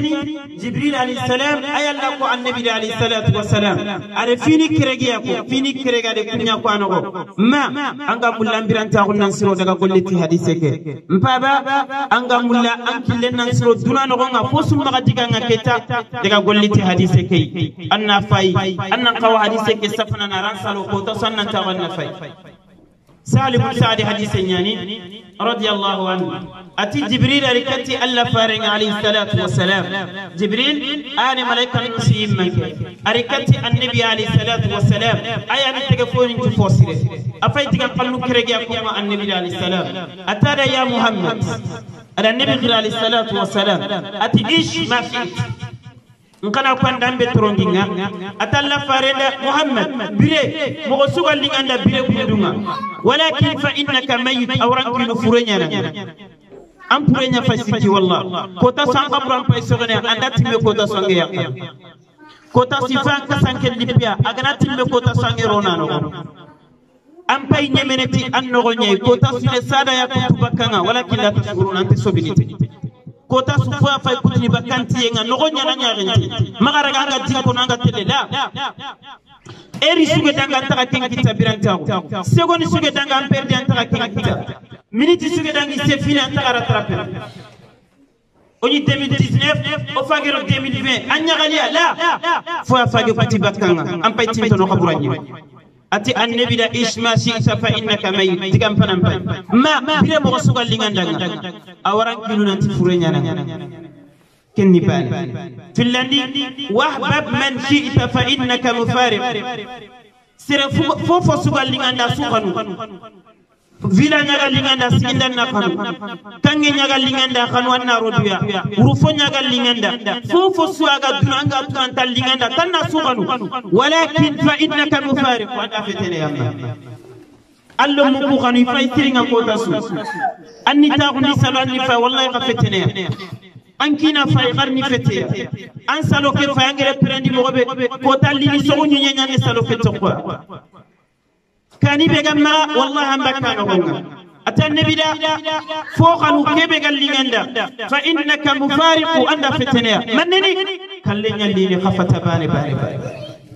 يعني جبريل عليه السلام أي الله كو النبي عليه الصلاة والسلام عرفيني فيني كرجيا كو فيني كرجا دي كنيا أنا أنا ما أنك ملا بيران تاعون نسرو دعا قولي تهديسك مبابا أنك ملا أنكل نسرو دونا نغنا فوسم مغادي كان كتا دعا قولي تهديسك أنا فاي أنا قوا هديسك سفنا نران سلو كوتا سنن تقول نفاي سالم سعد حديث يعني رضي الله عنه ati jibril ari kati allah farenga alayhi salatu wassalam jibril ani malaika kisi yimmanke ari kati annabi alayhi salatu wassalam aya ni tege fonin tu fosire afay tiga qallu kerege akuma annabi alayhi salam atada ya muhammad ada annabi alayhi salatu wassalam ati ish ma fi nkana kwandambe torondinga atalla farenda muhammad bire mogo sugallinganda bire kundunga walakin fa innaka mayit awrankino fureñana ampure nya fasiki walla kota sanga buran pay sogene anda timme kota sanga ya kota sifan ka sanke libya agana timbe kota sanga rona no an pay an nogo ñayi kota sile sada ya kutu bakanga wala killa tashuruna ante sobiniti kota ya fa kutu ni bakanti nga nogo ñana ñaxinti ga anga dinkono anga tele la eri suge danga an taxa ken kita birantaxu segoni suge danga perdi an taxa kita miniti suge dangi se fina tagara trappe oñi 2019 o fagero 2020 a ñagaliya la fo a fage kuti batkanga an pay tintono xaburañe ati annabida isma sita fa innaka mayit tigam fanan pay ma bire moxo sugal lingandanga a waran nanti fure ñananga كني بال في اللندي واحبب من شئت فإنك مفارق سير فوفو سوغال لي غاندا سوغانو vila ñagalingenda sigindanna kanu tange ñagalingenda kanu anna roduya wurufo ñagalingenda fofo suwaga duna anga tuanta lingenda tanna sukanu walakin fa innaka mufariqu anda fetene yamba allo mugu kanu ifa itiringa kota su anni taxundi salo anni fa wallahi xa feteneya an kina fa i xarini feteya an salo ke prendi moxoɓe kota lini soxu ñuñeñange salo ke toqoya كاني بيغا ما والله هم بكانو هونغا أتى النبي دا فوق نكيب قال فإنك مفارق أن فتنة منني كلنا اللي خفت بالي بالي بالي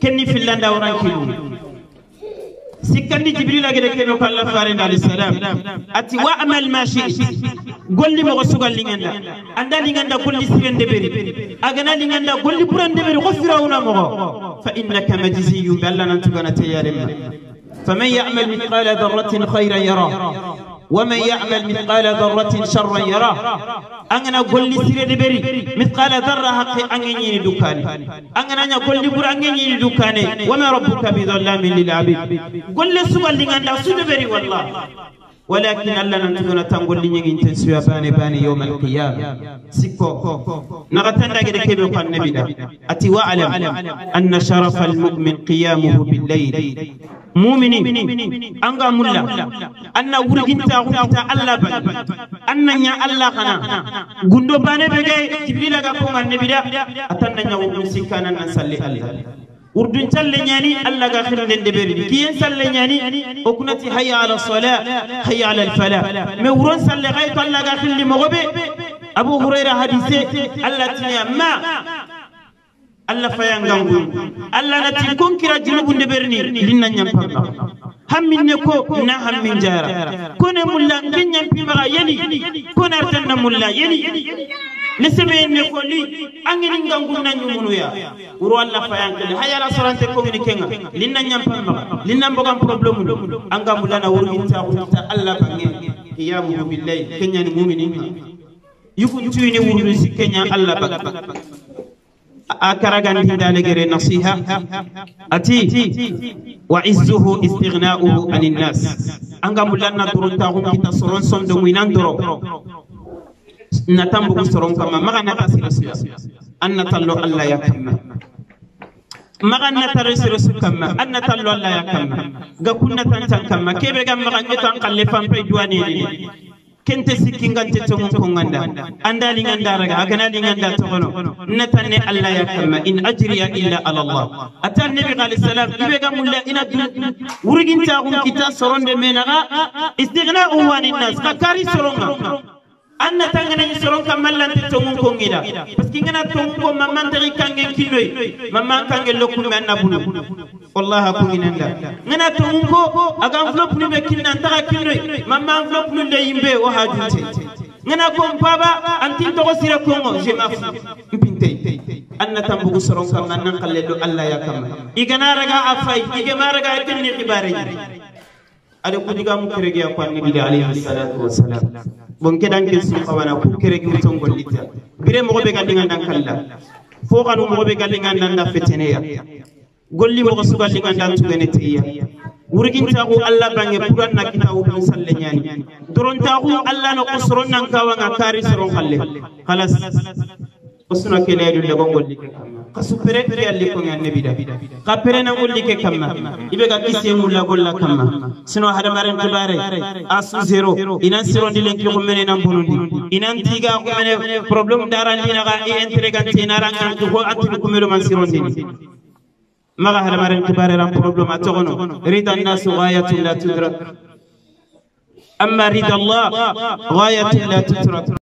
كني في اللندا ورانكيلو سكني جبريل أجد كنو كلا فارن عليه السلام أتي وأمل ما شئت قل لي مغسوق الليندا أنت الليندا كل سبين دبري أجنا الليندا كل بران دبري غفر أونا مغا فإنك مجزي بلنا أنت بنا تيارنا فمن يعمل مثقال ذرة خيرا يرى ومن يعمل مثقال ذرة شرا يراه أننا قل سير دبري مثقال ذرة حق أنني دوكاني أننا قل بر أنني دوكاني وما ربك بظلام للعبيد قل سوى اللي عندك سدبري والله ولكن الله ننتظر تنقل لي إن تنسوا باني باني يوم القيامة سكو نغتن لك كيف يقال نبينا أتي وأعلم أن شرف المؤمن قيامه بالليل مؤمنين أنغا ملا أن ورغين تاغوتا الله بك أن نيا الله خنا غندو باني بيجي جبريل لك كوما نبينا أتن نيا ومسكانا نسلي عليه أردن سلنياني ألا غاخر لندبرد كيين سلنياني أكنتي حي على الصلاة حي على الفلاة مورن سلغيت ألا غاخر لمغب أبو هريرة حديثة ألا تنياما ألا فيان غنب ألا نتي كنكرا جنوب لبرني لنا نمبر هم من نكو نا هم من جارة كون ملا كن ينبغى يني كون أرتن ملا يني نسمي نقولي أنجي نعقول نجمنو يا ورو الله فاين كله هيا لا سرانت كوني كينغ لين نجم بام لين نبغام بروبلم أنجا مولانا ورمين تا ورمين تا الله بعير كيا مومين لي كينيا مومين يكون تويني ورمين كينيا الله بعير أكرعان في ذلك النصيحة أتي وعزه استغناؤه عن الناس أنجا مولانا دورن تا ورمين تا سرانت سندوينان دروب natambu kusoron kama maga na kasira siya anna tallo Allah ya kama maga na tare sira su kama anna tallo Allah ya kama ga kunna tantan kama kebe ga maga ne tan kalle fan pe duwane ne kente sikki ngante to ngon ko nganda anda li nganda raga agana li nganda to gono natanne Allah ya kama in ajriya illa ala Allah atan nabi alayhi salam ibe ga mulla ina wurgin ta gun kita soronde menaga istighna umwani nas ka kari soronga anna tangana ni soron kam mallan te tongun ko ngida parce que ngana tongun ko mamman tari kangé kilo mamman kangé lokku me anna bulu wallahi ko nginanda ngana tongun ko aga flop ni be kinna tara kilo mamma flop ni de yimbe o hajunte ngana ko baba antin to sira kongo je mafu mpinte anna tambugu soron kam nan kalle do allah ya kam igana raga afai igama raga tinni ibare ade kudiga mu kirege akwan nabi alayhi salatu wassalam bonke danke sukabana ku keregi wuton gollita bire mogo be galli ngandan kalla fo kanu mogo be galli ngandan da feteneya golli mogo su galli ngandan tugene tiya wurgintaku allah bange puran na kitawu kun salle ñani dorontaku allah no ko soron nan kawanga kari soron kalle halas osuna kene du lego golli ke kam kasupere ke alli ko ngane bida kapere na ngulli ke kamma ibe ka kisse mulla golla kamma sino hada maran kibare asu zero inan siro dilen ki khumene nan bonundi inan tiga khumene problem daran dina ga e entre kan tinara kan ko atti ko melo man siro dini maga hada maran kibare ran problem atogono rida nasu ghayatun la tudrak أما رضا الله غاية لا تترك